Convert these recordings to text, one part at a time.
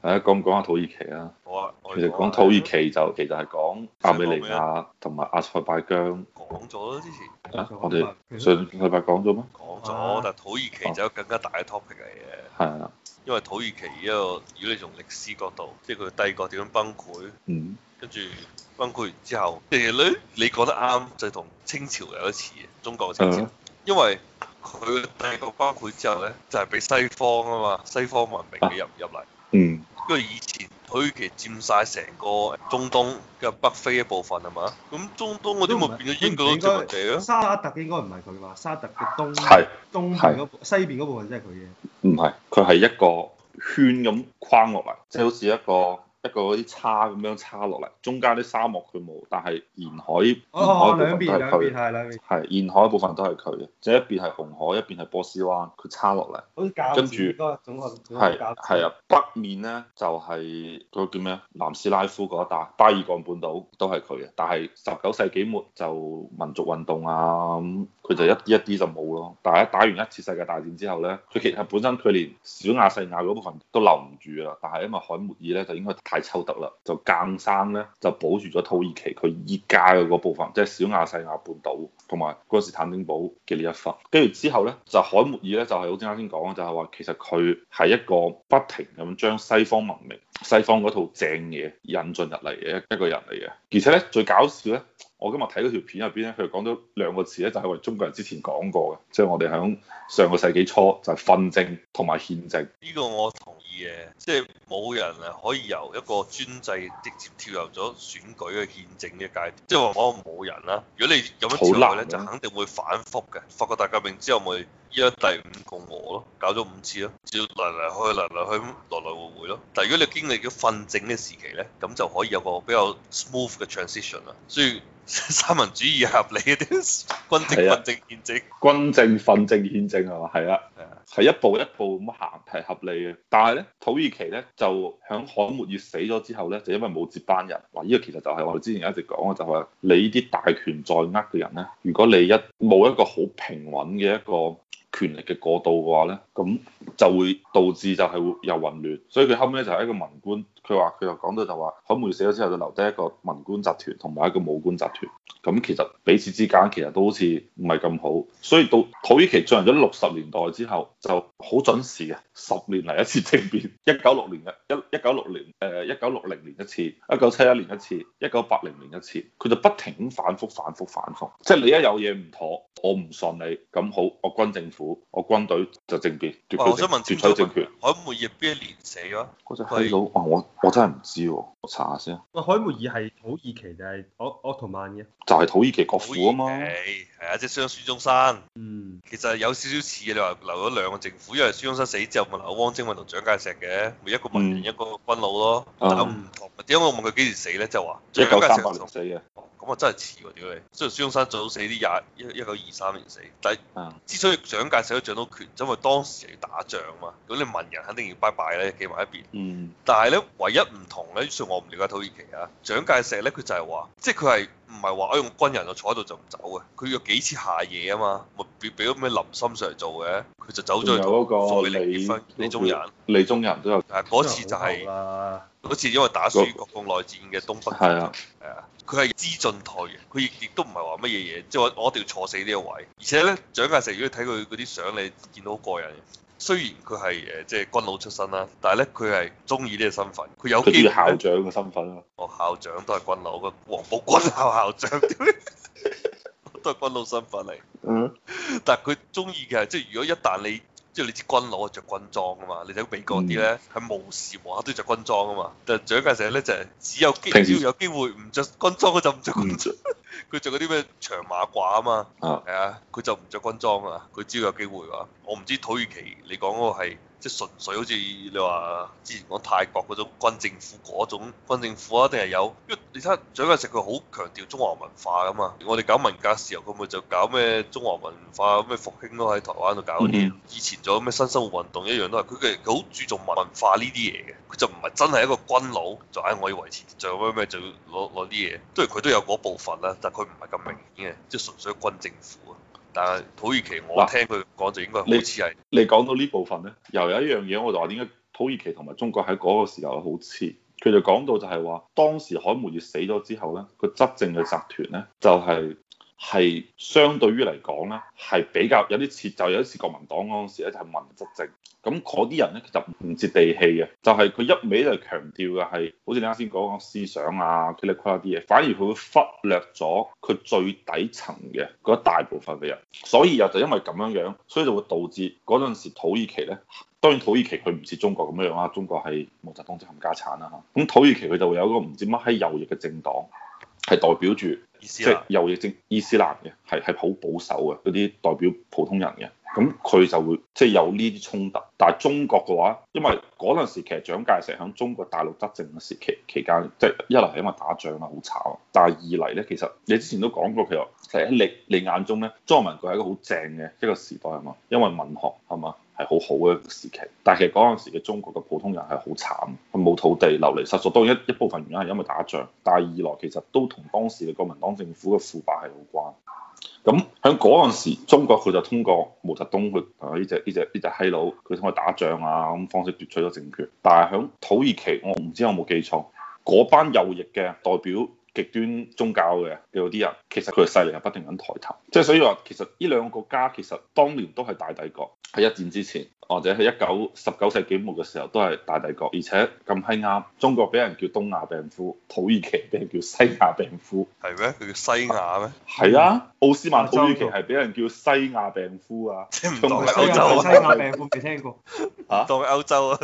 係啊，講唔講下土耳其啊，我哋講土耳其就其實係講亞美尼亞同埋阿塞拜疆講咗啦，之前啊，我哋上禮拜講咗咩？講咗，但係土耳其就有更加大嘅 topic 嚟嘅，係啊，因為土耳其一個，如果你從歷史角度，即係佢帝國點樣崩潰，嗯，跟住崩潰完之後，其實咧你講得啱，就係同清朝有得似，中國嘅清朝，因為佢帝國崩潰之後咧，就係俾西方啊嘛，西方文明嘅入入嚟，嗯。因為以前土耳其佔曬成個中東嘅北非一部分係嘛？咁中東嗰啲咪變咗英國殖民地咯？沙特應該唔係佢話沙特嘅東，係是東部，係是西邊嗰部分即係佢嘅。唔係，佢係一個圈咁框落嚟，即係好似一個。一個嗰啲叉咁樣叉落嚟，中間啲沙漠佢冇，但係沿海，哦哦兩邊兩邊係兩邊，兩邊沿海部分都係佢嘅，即就一邊係紅海，一邊係波斯灣，佢叉落嚟，好似教住係係啊，北面咧就係嗰個叫咩南斯拉夫嗰一帶，巴爾幹半島都係佢嘅，但係十九世紀末就民族運動啊咁，佢就一點一啲就冇咯，但係打完一次世界大戰之後咧，佢其實本身佢連小亞細亞嗰部分都留唔住啊，但係因為海沒二咧就應該。太抽得啦，就更生咧就保住咗土耳其佢依家嘅嗰部分，即係小亞細亞半島同埋嗰時君士坦丁堡嘅呢一忽，跟住之後咧就凱末爾咧就係好似啱先講啊，就係話其實佢係一個不停咁將西方文明、西方嗰套正嘢引進入嚟嘅一個人嚟嘅，而且咧最搞笑咧。我今日睇嗰條片入邊咧，佢講咗兩個字咧，就係、是、為中國人之前講過嘅，即、就、係、是、我哋響上個世紀初就是、訓政同埋憲政。呢個我同意嘅，即係冇人啊可以由一個專制直接跳入咗選舉嘅憲政嘅階段，即係話我冇人啦。如果你有咗跳落咧，就肯定會反覆嘅。法國大革命之後咪依家第五共和咯，搞咗五次咯，照嚟嚟去嚟嚟去咁來來回回咯。但係如果你經歷咗訓政嘅時期咧，咁就可以有個比較 smooth 嘅 transition 啦，所以。三民主義合理嘅啲軍政、訓 政正、軍政、憲政係嘛？係啊，係一步一步咁行係合理嘅。但係咧，土耳其咧就響凱末爾死咗之後咧，就因為冇接班人。嗱，依個其實就係我哋之前一直講嘅，就係、話、你呢啲大權在握嘅人咧，如果你一冇一個好平穩嘅一個。權力嘅過渡嘅話呢，咁就會導致就係會有混亂，所以佢後屘就係一個文官，佢話佢就講到就話海梅死咗之後就留低一個文官集團同埋一個武官集團。咁其實彼此之間其實都好似唔係咁好，所以到土耳其進入咗六十年代之後，就好準時嘅十年嚟一次政變，一九六零一九六零，誒一九六零年一次，一九七一年一次，一九八零年一次，佢就不停反覆反覆反覆，即係你一有嘢唔妥，我唔信你，咁好，我軍政府，我軍隊就政變奪取奪取政權。海梅爾邊一年死咗？嗰佬，哇！我我真係唔知喎、啊，我查下先。喂，海梅爾係土耳其定係奧奧圖曼嘅？就係土耳其國父啊嘛，係、嗯、啊，即係相孫中山，嗯，其實有少少似嘅，你話留咗兩個政府，因為孫中山死之後咪留汪精衛同蔣介石嘅，咪一個文人，嗯、一個軍佬咯，有唔、嗯、同，點解我問佢幾時死咧？就話一九三八年死嘅，咁、哦、啊真係似喎，屌你？雖然孫中山最早死啲廿一一九二三年死，但係之所以蔣介石都掌到權，因為當時係打仗嘛，如果你文人肯定要拜拜咧，企埋一邊，嗯，但係咧唯一唔同咧，雖然我唔了解土耳其啊，蔣介石咧佢就係話，即係佢係。唔係話誒，我用軍人就坐喺度就唔走嘅，佢有幾次下野啊嘛，咪俾俾咗咩林心如嚟做嘅，佢就走咗去同蔡靈結婚。呢種人，李宗仁都有。嗰次就係、是，嗰、啊、次因為打輸國共內戰嘅東北。係、那個、啊。係啊。佢係知進退嘅，佢亦亦都唔係話乜嘢嘢，即係我我一定要坐死呢個位。而且咧，蔣介石如果睇佢嗰啲相，你見到好過癮。雖然佢係誒即係軍佬出身啦，但係咧佢係中意呢個身份，佢有機會。佢校長嘅身份咯、啊。哦，校長都係軍佬，個黃埔軍校校長， 都係軍佬身份嚟。嗯。但係佢中意嘅係，即係如果一旦你即係你知軍佬着著軍裝嘛，你睇美國啲咧係無時無刻都着軍裝㗎嘛。但係蔣介石咧就係只有機，只有機會唔着軍裝佢就唔着軍裝。佢著嗰啲咩長馬褂啊嘛，係、oh。啊，佢就唔著軍裝啊，佢只要有機會，我唔知道土耳其你講嗰個係。即純粹好似你話之前講泰國嗰種軍政府嗰種軍政府啊，定係有？因為你睇蔣介石佢好強調中華文化噶嘛，我哋搞文革時候佢咪就搞咩中華文化咩復興都喺台灣度搞啲。以前仲有咩新生活運動一樣都係，佢佢好注重文化呢啲嘢嘅，佢就唔係真係一個軍佬就唉我要維持，就咩咩就要攞攞啲嘢。雖然佢都有嗰部分啦，但係佢唔係咁明顯嘅，即係純粹軍政府啊。啊，土耳其我聽佢講就應該好似係。你講到呢部分咧，又有一樣嘢我就話，點解土耳其同埋中國喺嗰個時候好似佢就講到就係話，當時凱末爾死咗之後咧，個執政嘅集團咧就係、是。係相對於嚟講咧，係比較有啲似就有一啲似國民黨嗰陣時咧，就係、是、民執政。咁嗰啲人咧，其實唔接地氣嘅，就係、是、佢一味就係強調嘅係，好似你啱先講嘅思想啊、佢哋嗰啲嘢，反而佢會忽略咗佢最底層嘅嗰一大部分嘅人。所以又就因為咁樣樣，所以就會導致嗰陣時土耳其咧，當然土耳其佢唔似中國咁樣啦，中國係毛澤東即冚家產啦、啊、嚇。咁土耳其佢就會有一個唔知乜閪右翼嘅政黨，係代表住。即係右翼正伊斯蘭嘅，係係好保守嘅嗰啲代表普通人嘅，咁佢就會即係、就是、有呢啲衝突。但係中國嘅話，因為嗰陣時其實蔣介石喺中國大陸執政嘅時期期間，即、就、係、是、一嚟咧，因為打仗啊，好慘；但係二嚟咧，其實你之前都講過，其實喺你你眼中咧，中文佢係一個好正嘅一個時代啊嘛，因為文學係嘛。是係好好嘅時期，但係其實嗰陣時嘅中國嘅普通人係好慘，佢冇土地流離失所。當然一,一部分原因係因為打仗，但係二來其實都同當時嘅國民黨政府嘅腐敗係有關。咁喺嗰陣時，中國佢就通過毛澤東佢呢隻呢隻呢隻閪佬，佢同佢打仗啊咁方式奪取咗政權。但係喺土耳其，我唔知我有冇記錯，嗰班右翼嘅代表極端宗教嘅有啲人，其實佢嘅勢力係不停咁抬頭。即係所以話，其實呢兩個國家其實當年都係大帝國。喺一戰之前，或者喺一九十九世紀末嘅時候，都係大帝國，而且咁閪啱。中國俾人叫東亞病夫，土耳其俾人叫西亞病夫，係咩？佢叫西亞咩？係啊，奧、啊、斯曼亞洲 土耳其係俾人叫西亞病夫啊，即唔當歐洲、啊、西亞西亞病夫未聽過嚇？ 啊、當歐洲啊？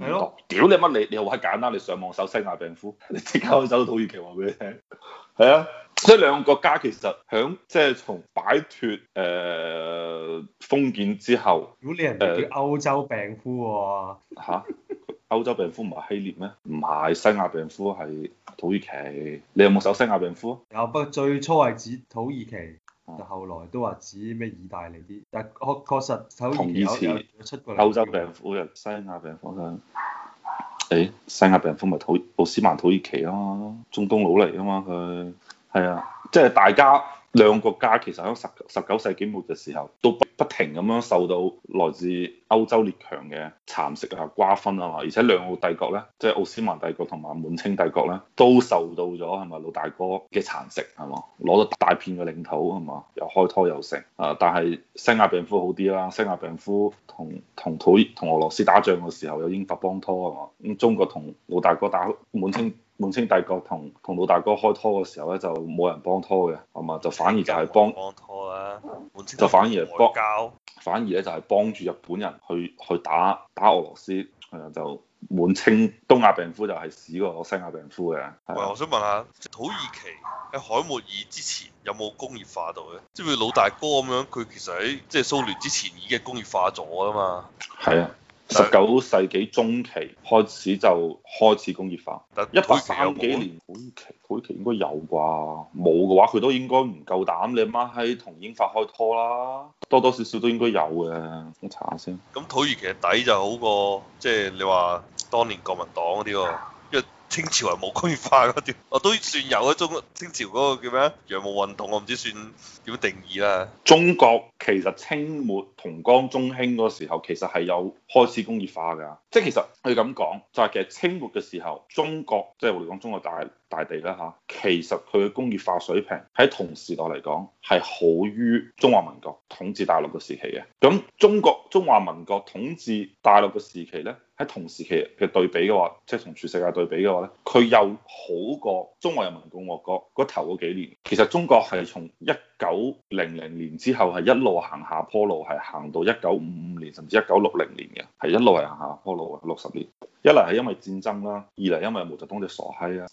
係 咯？屌你乜你？你好閪簡單，你上網搜西亞病夫，你即刻可以搜到土耳其話俾你聽。係啊，所以兩個國家其實喺即係從擺脫誒、呃、封建之後，如、呃、果你人哋叫歐洲病夫喎、啊、嚇、 啊，歐洲病夫唔係希臘咩？唔係，西亞病夫係土耳其。你有冇搜西亞病夫有，不過最初係指土耳其，但、嗯、後來都話指咩意大利啲。但確確實土耳其有，有，有出過歐洲病夫入西亞病夫香。嗯誒、哎，西亞病夫咪土奧斯曼土耳其啊嘛，中東佬嚟啊嘛佢，係啊，即係大家。兩個國家其實喺十十九世紀末嘅時候，都不停咁樣受到來自歐洲列強嘅蠶食啊，瓜分啊嘛，而且兩個帝國呢，即係奧斯曼帝國同埋滿清帝國呢，都受到咗係咪老大哥嘅蠶食係嘛，攞咗大片嘅領土係嘛，又開拖又成？啊，但係西亞病夫好啲啦，西亞病夫同同土同俄羅斯打仗嘅時候有英法幫拖係嘛，咁中國同老大哥打滿清。滿清帝國同同老大哥開拖嘅時候咧，就冇人幫拖嘅，係嘛？就反而就係幫幫拖啦，幫啊、國就反而係幫交，反而咧就係幫住日本人去去打打俄羅斯，係啊，就滿清東亞病夫就係死個西亞病夫嘅。啊、喂，我想問下，土耳其喺海末爾之前有冇工業化到咧？即、就、係、是、老大哥咁樣，佢其實喺即係蘇聯之前已經工業化咗啦嘛。係啊。十九世紀中期開始就開始工業化，一八三幾年，土耳其土耳其應該有啩，冇嘅話佢都應該唔夠膽你媽喺同英法開拖啦，多多少少都應該有嘅，我查下先。咁土耳其底就好過，即係你話當年國民黨嗰啲喎。這個清朝係冇工業化嗰啲，我都算有一種清朝嗰個叫咩？洋務運動，我唔知算點定義啦。中國其實清末同光中興嗰個時候，其實係有開始工業化噶。即係其實佢咁講，就係、是、其實清末嘅時候，中國即係我哋講中國大大地啦嚇，其實佢嘅工業化水平喺同時代嚟講係好於中華民國統治大陸嘅時期嘅。咁中國中華民國統治大陸嘅時期咧。喺同時期嘅對比嘅話，即係同全世界對比嘅話咧，佢又好過中華人民共和國嗰頭嗰幾年。其實中國係從一九零零年之後係一路行下坡路，係行到一九五五年甚至一九六零年嘅，係一路係行下坡路六十年。一嚟係因為戰爭啦，二嚟因為毛澤東嘅傻閪啦。